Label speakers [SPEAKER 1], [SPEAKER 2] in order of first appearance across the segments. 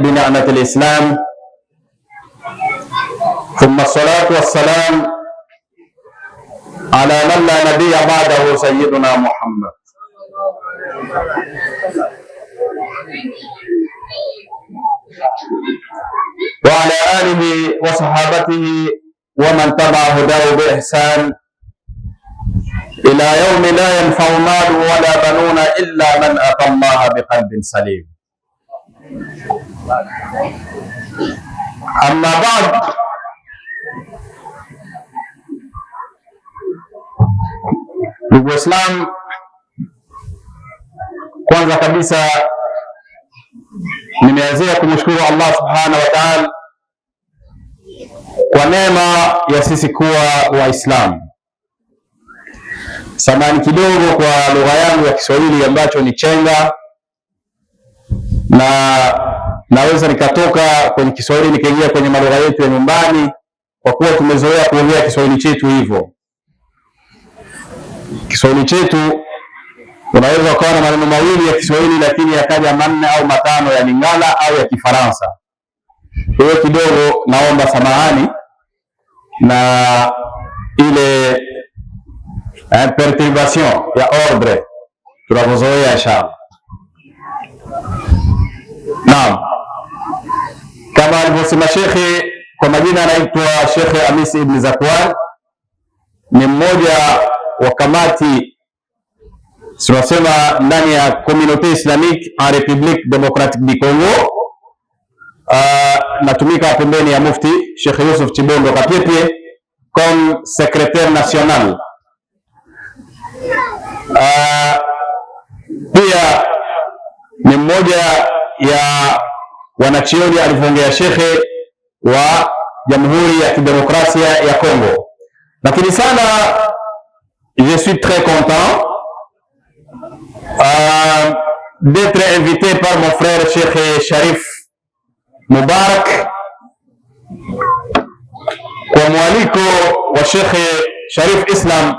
[SPEAKER 1] بنعمة الإسلام ثم الصلاة والسلام على من لا نبي بعده سيدنا محمد وعلى آله وصحابته ومن تبع هداه بإحسان ila yaumi la yanfau malu wala banuna illa man ata llaha biqalbin salim. Amma ba'd, ndugu Waislamu, kwanza kabisa nimeanzia kumshukuru Allah subhanahu wa ta'ala kwa neema ya sisi kuwa Waislamu samani kidogo kwa lugha yangu ya Kiswahili ambacho ni chenga, na naweza nikatoka kwenye Kiswahili nikaingia kwenye malugha yetu ya nyumbani, kwa kuwa tumezoea kuongea Kiswahili chetu hivyo. Kiswahili chetu unaweza ukawa na maneno mawili ya Kiswahili lakini yakaja manne au matano ya Lingala au ya Kifaransa. Kwa hiyo kidogo naomba samahani na ile eh, perturbation ya ordre tunavyozoea inshallah. Naam, kama alivyosema shekhe, kwa majina anaitwa Shekhe Hamisi Ibn Zakwan, ni mmoja wa kamati tunasema ndani ya Communauté Islamique en République Démocratique du Congo. Uh, natumika pembeni ya Mufti Sheikh Yusuf Chibondo Kapyepye comme secrétaire national Ah, pia ni mmoja ya wanachioni alivyoongea shekhe wa Jamhuri ya Kidemokrasia ya Kongo. Lakini sana je suis très content uh, d'être invité par mon frère Sheikh Sharif Mubarak kwa mwaliko wa Sheikh Sharif Islam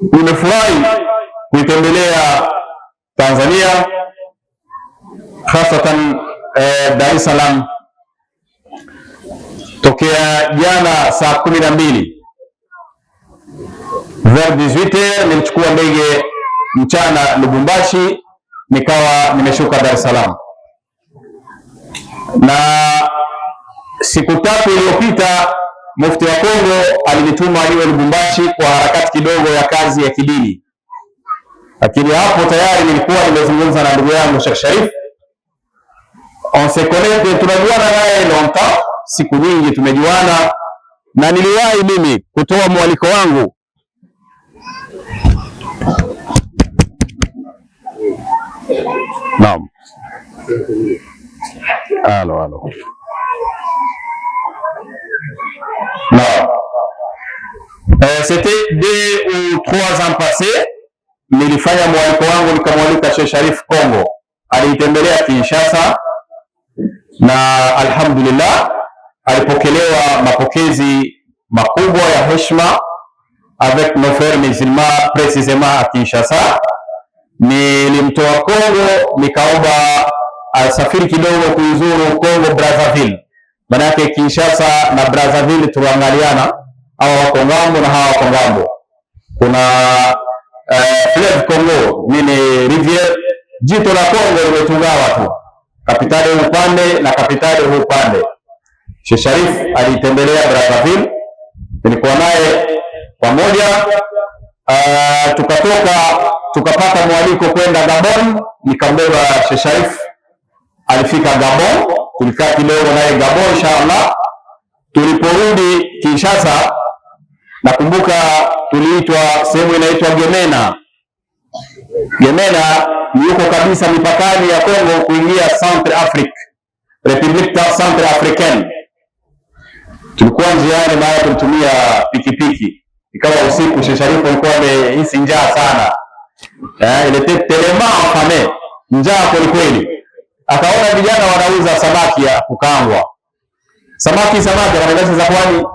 [SPEAKER 1] nimefurahi kuitembelea Tanzania hasatan eh, Dar es Salaam tokea jana saa kumi na mbili vers 18 nilichukua ndege mchana Lubumbashi, nikawa nimeshuka Dar es Salaam na siku tatu iliyopita Mufti wa Kongo alinituma niwe Lubumbashi kwa harakati kidogo ya kazi ya kidini, lakini hapo tayari nilikuwa nimezungumza na ndugu yangu Sheikh Sharif, on se connecte, tunajuana naye longtemps, siku nyingi tumejuana, na niliwahi mimi kutoa mwaliko wangu naam. Alo, alo. Euh, c'était deux ou trois ans passé, nilifanya mwaliko wangu nikamwalika Sheikh Sharif Kongo, aliitembelea Kinshasa na alhamdulillah alipokelewa mapokezi makubwa ya heshima avec nos frères musulmans precisement a Kinshasa. Nilimtoa Kongo nikaomba asafiri kidogo kuizuru Kongo Brazzaville Manake Kinshasa na Brazzaville tuliangaliana, hawa wako ngambo na hawa wako ngambo. Kuna eh, Fleuve Congo nini riviere, jito la Kongo limetugawa tu, kapitali upande na kapitali upande. Sheikh Sharif alitembelea Brazzaville, nilikuwa naye pamoja eh, tukatoka tukapata mwaliko kwenda Gabon, nikambeba Sheikh Sharif alifika Gabon, tulikaa kidogo naye Gabon inshallah. Tuliporudi Kinshasa, nakumbuka tuliitwa sehemu inaitwa Gemena. Gemena yuko kabisa mipakani ya Kongo kuingia Centre Afrique, Republique Centre Africaine. Tulikuwa njiani, maana tulitumia pikipiki, ikawa usiku. Sheikh alikuwa amehisi njaa sana, eh, ile lema fame, njaa kweli kweli akaona vijana wanauza samaki ya kukangwa samaki samaki, akamwambia za kwani,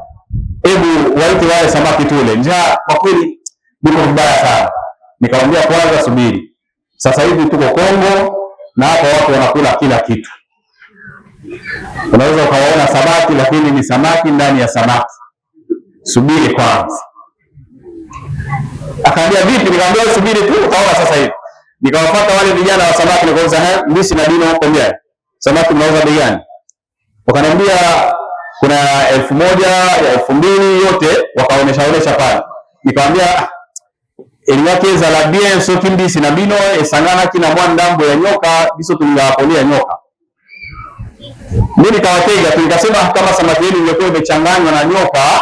[SPEAKER 1] hebu waite wale samaki tule, njaa kwa kweli niko vibaya sana. Nikamwambia kwanza subiri, sasa hivi tuko Kongo na hapa watu wanakula kila kitu. Unaweza ukawaona samaki, lakini ni samaki ndani ya samaki. Subiri kwanza. Akaambia vipi? Nikamwambia subiri tu, utaona sasa hivi Nikawapata wale vijana wa samaki nikauza ha, mimi na dino hapo nje. Samaki mnauza bei gani? Wakaniambia kuna elfu moja ya elfu mbili yote wakaonesha onesha pale. Nikamwambia eliake za la bien so kimbi sina bino esangana kina mwandambo ya nyoka biso tulingawapolia nyoka. Mimi nikawatega tu nikasema kama samaki yenu ingekuwa imechanganywa na nyoka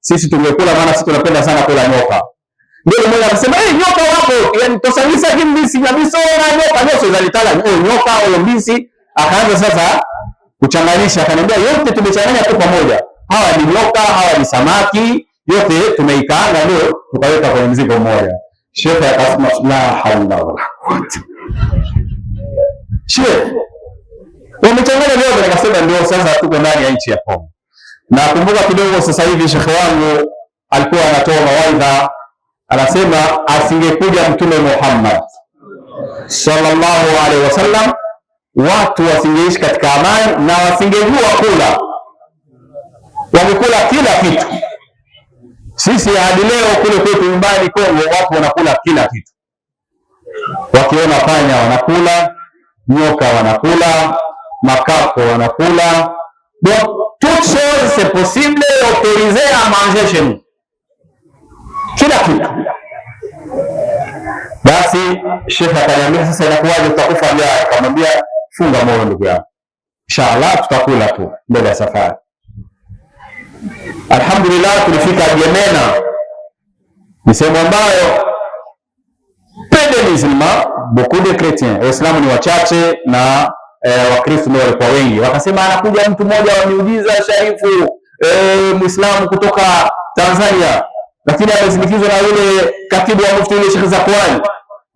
[SPEAKER 1] sisi tungekula, maana sisi tunapenda sana kula nyoka. Ndio mmoja akasema eh, nyoka wapo, yani tosanyisa kimbisi na misora nyoka nyoso zalitala oh, nyoka au oh, mbisi. Akaanza sasa kuchanganisha, akaniambia yote tumechanganya kwa pamoja, hawa ni nyoka, hawa ni samaki, yote tumeikaanga leo tukaweka kwenye mzigo mmoja. Sheikh akasema la haula wala quwwata. Sheikh wamechanganya vyote, akasema ndio sasa tuko ndani ya nchi ya Kongo. Nakumbuka kidogo sasa hivi shekhe wangu alikuwa anatoa mawaidha anasema asingekuja Mtume Muhammad sallallahu alaihi wasallam, watu wasingeishi katika amani na wasingejua kula, wamekula kila kitu. Sisi hadi leo kule kwetu nyumbani Kongo watu wanakula kila kitu, wakiona panya wanakula, nyoka wanakula, makako wanakula, donc tout possible manger chez nous kila kitu. Basi shekhe akaniambia, sasa inakuwaje, tutakufa njaa? Akamwambia, funga moyo ndugu yangu, inshallah tutakula tu mbele ya safari. Alhamdulillah, tulifika Jemena, ni sehemu ambayo pedenisma beaucoup de chretiens, Waislamu ni wachache na e, Wakristo ndio walikuwa wengi. Wakasema anakuja mtu mmoja wa miujiza, sharifu e, Muislamu kutoka Tanzania lakini amesindikizwa na yule katibu wa mufti yule Sheikh Zakwani.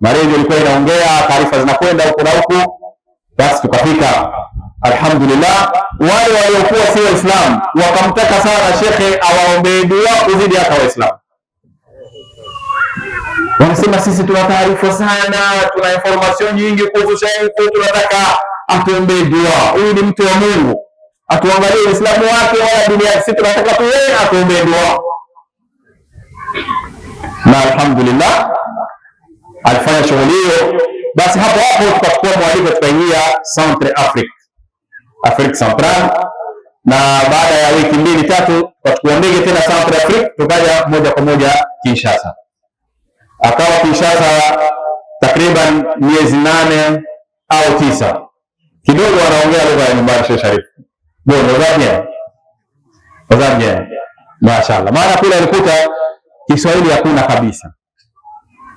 [SPEAKER 1] Maredio ilikuwa inaongea, taarifa zinakwenda huku na huku, basi tukafika alhamdulillah. Wale waliokuwa si Waislam wakamtaka sana shekhe awaombee dua kuzidi hata Waislam. Wanasema sisi tuna taarifa sana, tuna information nyingi kuhusu sheikh, tunataka atuombee dua. Huyu ni mtu wa Mungu, atuangalie Uislamu wake wala dunia. Sisi tunataka tuwe atuombee dua na alhamdulillah alifanya shughuli hiyo. Basi hapo hapo tukachukua mwaliko, tukaingia Centre Afrique, Afrique Central, na baada ya wiki mbili tatu tukachukua ndege tena Centre Afrique, tukaja moja kwa moja Kinshasa. Akawa Kinshasa takriban miezi nane au tisa, kidogo wanaongea lugha ya nyumbani. Sheikh Sharif bon, mashaallah, maana kule alikuta Kiswahili hakuna kabisa,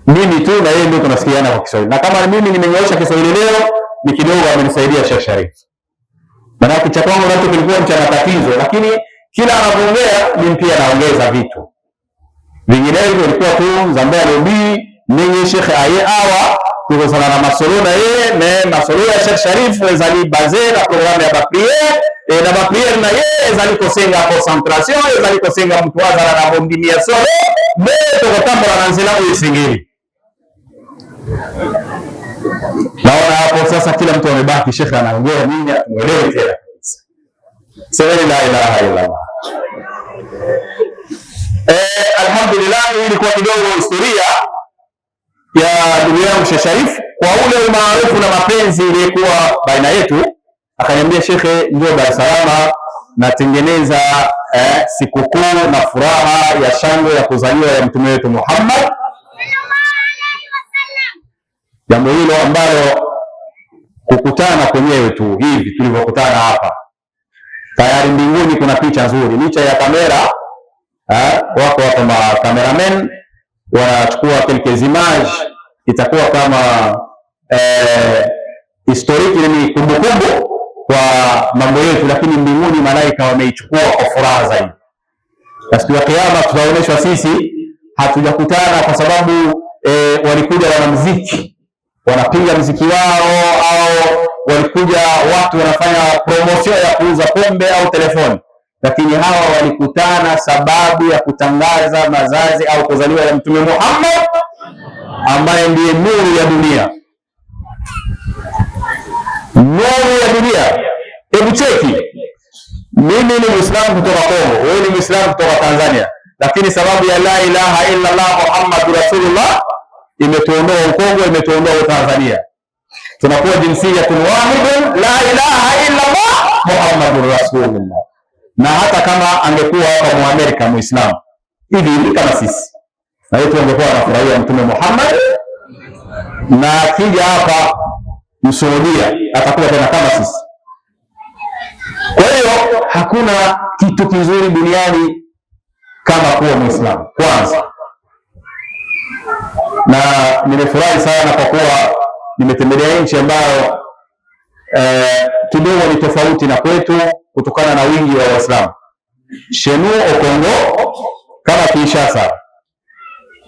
[SPEAKER 1] mimi tu na yeye ndio tunasikiana kwa Kiswahili, na kama mimi nimenyoosha Kiswahili leo ni kidogo, amenisaidia Sheikh Sharif, maanake cha kwangu nacho kilikuwa cha matatizo, lakini kila anapoongea mimi pia naongeza vitu vinginevyo, ilikuwa tu zambea lobi ninyi Sheikh aye awa tuko sana na masolo na yeye na masolo ya Sheikh Sharif ezali baze na programu ya bapie e, na bapie na yeye ezali kosenga concentration ezali kosenga mtu azala na bombimia sore betokotambula nanziramu isingiri naona hapo sasa, kila mtu amebaki, shekhe anaongea nini, hatuelewi tena. Semeni la ilaha illa Allah. Eh, alhamdulillah, ilikuwa kidogo historia ya ndugu yangu Sheikh Sharif kwa ule umaarufu na mapenzi iliyokuwa baina yetu. Akaniambia shekhe, njoo Dar es Salaam natengeneza eh, sikukuu na furaha ya shangwe ya kuzaliwa ya mtume wetu Muhammad, jambo hilo ambalo kukutana kwenyewe tu hivi tulivyokutana hapa tayari mbinguni kuna picha nzuri, licha ya kamera eh, wako hapa ma cameramen wanachukua quelques images, itakuwa kama eh, historiki ni kumbukumbu kwa mambo yetu, lakini mbinguni malaika wameichukua kwa furaha zaidi. Na siku ya Kiyama tutaonyeshwa sisi hatujakutana kwa sababu e, walikuja wanamuziki wanapiga mziki wao, au walikuja watu wanafanya promosio ya kuuza pombe au telefoni, lakini hawa walikutana sababu ya kutangaza mazazi au kuzaliwa ya Mtume Muhammad ambaye ndiye nuru ya dunia nuru ya dunia. Hebu cheki, mimi ni Muislamu kutoka Kongo, wewe ni Muislamu kutoka Tanzania, lakini sababu ya la ilaha illa Allah Muhammadu Rasulullah imetuondoa Ukongo, imetuondoa Tanzania, tunakuwa jinsiyatun wahidun, la ilaha illa Allah Muhammadu Rasulullah. Na hata kama angekuwa hapa Muamerika Muislamu hivi hivi kama sisi, na yetu angekuwa anafurahia Mtume Muhammad na akija hapa Msuhudia atakuwa tena kama sisi. Kwa hiyo hakuna kitu kizuri duniani kama kuwa Muislamu kwanza, na nimefurahi sana kwa kuwa nimetembelea nchi ambayo eh, kidogo ni tofauti na kwetu kutokana na wingi wa Waislamu. shenu au Congo kama Kinshasa,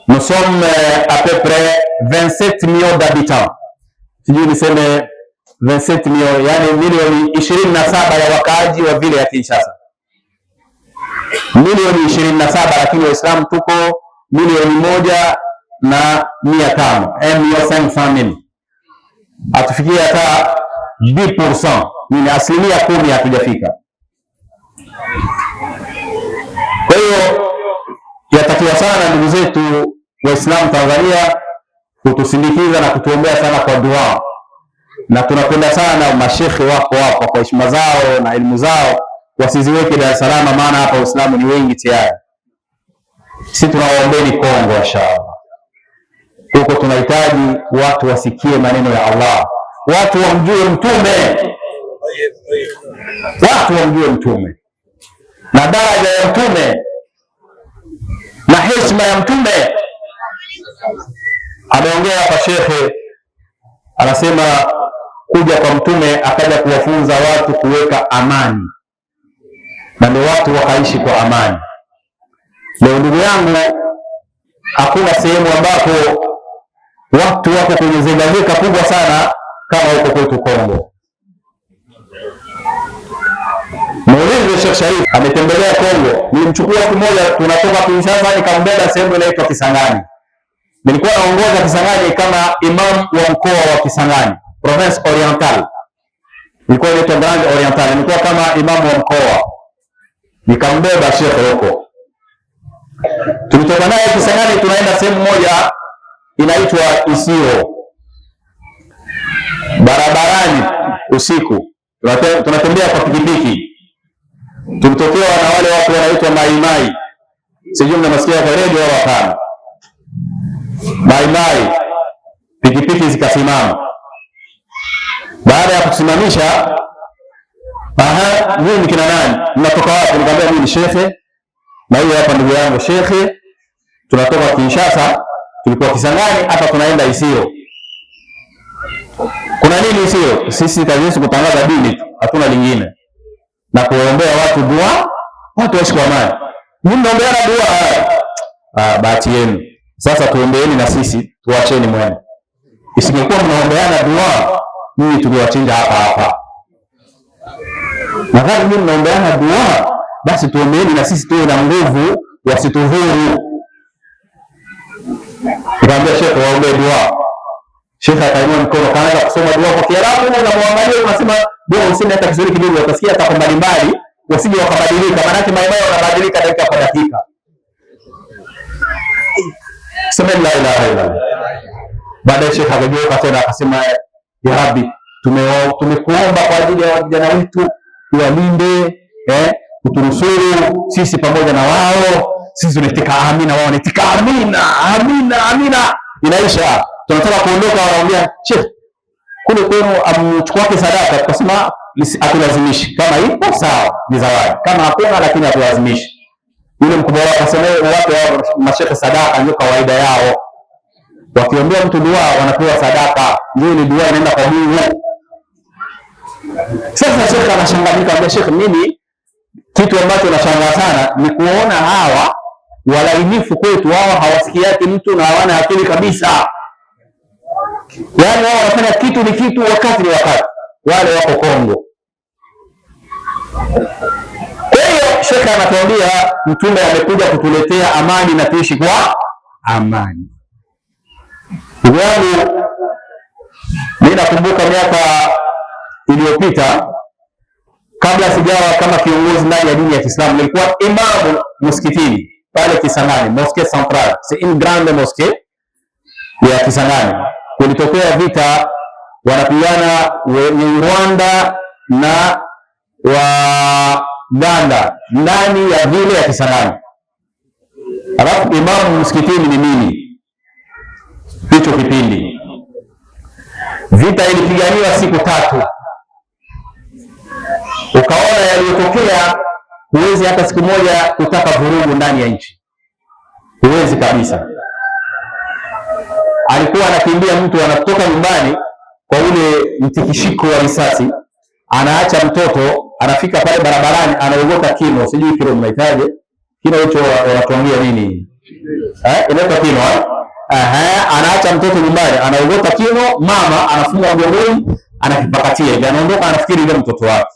[SPEAKER 1] nous sommes eh, à peu près 27 millions d'habitants sijui niseme Mio, yani milioni ishirini na saba ya wakaaji wa vile ya Kinshasa, milioni ishirini na saba lakini Waislamu tuko milioni moja na mia tano eh, hatufikia hata ni asilimia kumi, hatujafika. Kwa hiyo yatakiwa sana ndugu zetu Waislamu Tanzania kutusindikiza na kutuombea sana kwa dua, na tunapenda sana mashekhe wako hapa kwa heshima zao na elimu zao wasiziweke Dar es Salaam, maana hapa Waislamu ni wengi tayari. Si tunawaombeni Kongo, inshallah huko tunahitaji watu wasikie maneno ya Allah, watu wamjue Mtume, watu wamjue Mtume na daraja ya Mtume na heshima ya Mtume. Ameongea hapa shehe, anasema kuja kwa mtume akaja kuwafunza watu kuweka amani, na ndio watu wakaishi kwa amani. Leo ndugu yangu, hakuna sehemu ambapo watu wako kwenye zegazeka kubwa sana kama huko kwetu Kongo. Muulize Sheikh Sharif, ametembelea Kongo. Nilimchukua siku moja, tunatoka Kinshasa nikambeba sehemu inaitwa Kisangani nilikuwa naongoza Kisangani kama imam wa mkoa wa Kisangani province Oriental, nilikuwa inaitwa Grand Oriental, nilikuwa kama imam wa mkoa, nikambeba Sheikh huko. Tulitoka naye Kisangani, tunaenda sehemu moja inaitwa Isio, barabarani usiku, tunatembea kwa pikipiki. Tulitokewa na wale watu wanaitwa maimai, sijui mnamasikia kwa redio au hapana baibai, pikipiki zikasimama. Baada ya kusimamisha, aha, mimi ni kina nani? Mnatoka wapi? Nikamwambia mimi ni shekhe, na hiyo hapa ndugu yangu shekhe, tunatoka Kinshasa, tulikuwa Kisangani, hapa tunaenda Isiro. Kuna nini Isiro? Sisi kazi yetu kutangaza dini, hatuna lingine, na kuombea watu dua, watu waishi kwa amani. Mimi naombea dua. Ah, bahati yenu sasa tuombeeni na sisi, tuwacheni mwene. Isingekuwa mnaombeana dua, mimi tuliwachinja hapa hapa. Nadhani mimi mnaombeana dua, basi tuombeeni na sisi tuwe na nguvu, wasitudhuru. Nikamwambia shekhe, waombee dua. Shekhe akainua mkono, kaanza kusoma dua kwa Kiarabu, namwangalia, unasema dua usini hata Kiswahili kidogo, watasikia hata mbalimbali, wasije wakabadilika, maanake maeneo yanabadilika dakika kwa dakika sema la ilaha illallah. Baadaye Sheikh akageuka tena akasema, ya Rabbi, tumekuomba kwa ajili ya vijana wetu, tuwalinde eh, uturusuru sisi pamoja na wao. Sisi tunaitika amina, wao wanaitika amina, amina, amina, inaisha. Tunataka kuondoka, wanaambia Sheikh, kule kwenu amchukuake sadaka. Tukasema hatulazimishi, kama ipo sawa ni zawadi, kama hakuna lakini hatulazimishi yule mkubwa wao akasema eh, wape wao mashehe sadaka, ndio kawaida yao, wakiombea mtu dua wanapewa sadaka, ndio ni dua inaenda kwa Mungu. Sasa shekhe anashangaa, kwa shekhe, mimi kitu ambacho nashangaa sana ni kuona hawa walainifu kwetu hawa hawasikiaki mtu na hawana akili kabisa. Yaani wao wanafanya kitu ni kitu, wakati ni wakati. Wale wako Kongo shekhe anatuambia mtume amekuja kutuletea amani na tuishi kwa amani. Ndugu yangu, mimi nakumbuka miaka iliyopita kabla sijawa kama kiongozi ndani ya dini ya Kiislamu, nilikuwa imamu msikitini pale Kisangani, Mosque Central, c'est une grande mosquée ya Kisangani. Kulitokea vita, wanapigana wenye Rwanda na wa ganda ndani ya vile ya kisarani, alafu imamu msikitini ni mimi. Hicho kipindi vita ilipiganiwa siku tatu, ukaona yaliyotokea, huwezi hata siku moja kutaka vurugu ndani ya nchi, huwezi kabisa. Alikuwa anakimbia mtu anatoka nyumbani kwa ule mtikishiko wa risasi, anaacha mtoto anafika pale barabarani anaogopa kino, sijui kilo mnaitaje kino hicho, wanatuambia nini eh, inaitwa kino eh? Aha, anaacha mtoto nyumbani, anaogopa kino, mama anafunga mgongoni, anakipakatia ndio anaondoka, anafikiri ile mtoto wake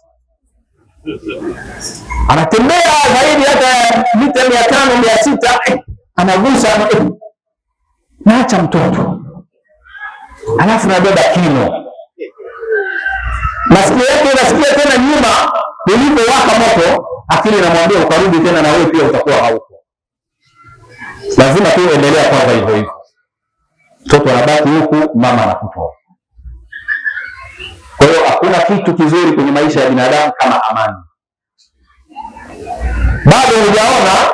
[SPEAKER 1] anatembea zaidi hata mita mia tano mia sita eh, anagusa eh, naacha mtoto alafu nabeba kino masikio yake nasikia tena nyuma ulipowaka moto, akili namwambia ukarudi tena na wewe pia utakuwa hauko. Lazima tu endelea kwanza hivyo hivyo, mtoto anabaki huku, mama anakutoa. Kwa hiyo hakuna kitu kizuri kwenye maisha ya binadamu kama amani. Bado hujaona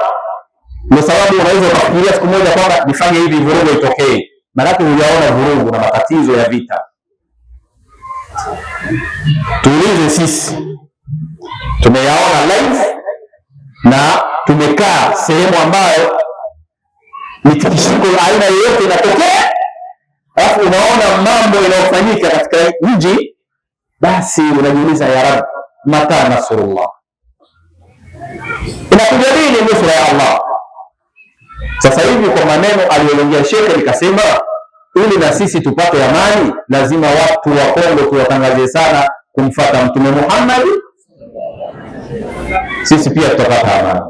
[SPEAKER 1] ndio sababu unaweza ukafikiria siku moja kwamba nifanye hivi vurugu itokee, maanake hujaona vurugu na matatizo ya vita Tuulize sisi, tumeyaona live na tumekaa sehemu ambayo mitikishiko ya aina yoyote inatokea, alafu unaona mambo yanayofanyika katika mji, basi unajiuliza ya rab mata nasurullah, inakuja lini nusra ya Allah? Sasa hivi kwa maneno aliyoongea shekhe nikasema ili na sisi tupate amani, lazima watu wa Kongo tuwatangazie sana kumfata Mtume Muhammad, sisi pia tutapata amani,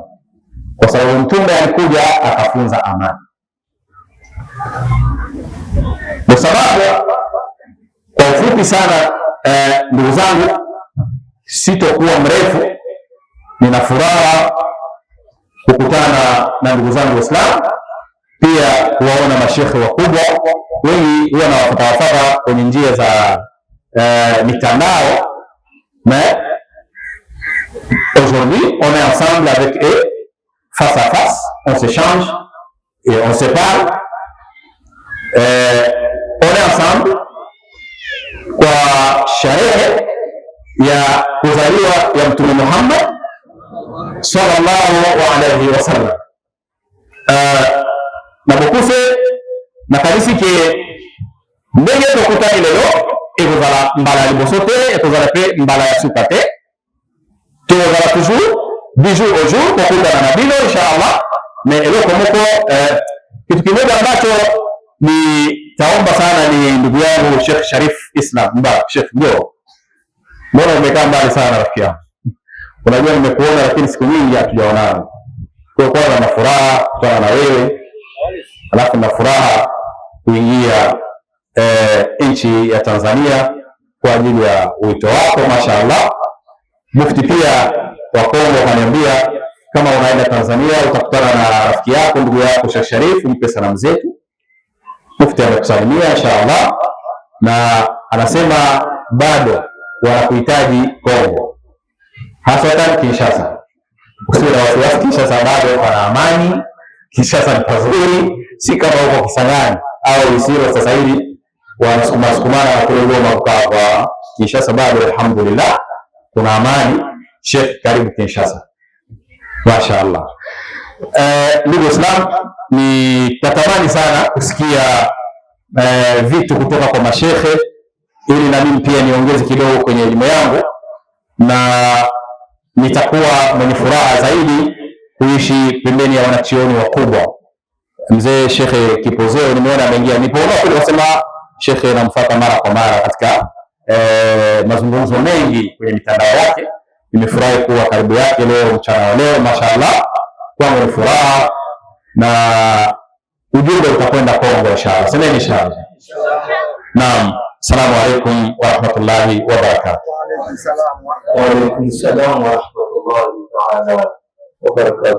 [SPEAKER 1] kwa sababu mtume alikuja akafunza amani. Kwa sababu kwa ufupi sana eh, ndugu zangu, sitokuwa mrefu. Nina furaha kukutana na ndugu zangu Waislamu Pia huwaona mashekhe wakubwa wengi huwa nawafatawafata kwenye njia za uh, mitandao mais aujourd'hui on est ensemble avec eux face à face on s'échange et on se parle euh, on est ensemble kwa sherehe ya kuzaliwa ya Mtume Muhammad sallallahu alayhi wasallam uh, eh, nabokuse nakanisi ke ndenge tokutani lelo ekozala mbala ya liboso te ekozala pe mbala ya suka te tokozala toujours du jour au jour kokutana na bino inshallah me eloko moko eh, kitu kimoja ambacho ni taomba sana ni ndugu yangu Sheikh Sharif Islam mbara Sheikh, ndio mbona umekaa mbali sana rafiki yangu? Unajua nimekuona, lakini siku nyingi hatujaonana. Kwa kuwa na furaha kutana na wewe alafu na furaha kuingia e, nchi ya Tanzania kwa ajili ya wito wako mashaallah. Mufti pia wa Kongo kaniambia kama unaenda Tanzania utakutana na rafiki yako ndugu yako Sheikh Sharif, mpe salamu zetu. Mufti amekusalimia inshaallah, na anasema bado wanakuhitaji Kongo, hasatan Kinshasa. Usiwe na wasiwasi, Kinshasa bado pana amani, Kinshasa ni pazuri si kama huko Kisangani au Isiro. Sasa hivi wa wanasukumana na kule Goma kwa Kinshasa, bado alhamdulillah kuna amani. Sheikh, karibu Kinshasa, mashaallah. Eh, Ndugu Islam, ni nikatamani sana kusikia eh, vitu kutoka kwa mashehe ili na mimi pia niongeze kidogo kwenye elimu yangu na nitakuwa mwenye furaha zaidi kuishi pembeni ya wanachioni wakubwa. Mzee Shekhe Kipozeo nimeona ameingia, nipoona kule kusema shekhe namfuata mara kwa mara katika eh, mazungumzo mengi kwenye mitandao yake. Nimefurahi kuwa karibu yake leo mchana wa leo, mashallah, kwangu ni furaha na ujumbe utakwenda Kongo inshallah. Sema inshallah. Naam, assalamu alaykum wa rahmatullahi wa barakatuh. Wa alaykum salaam wa rahmatullahi wa barakatuh.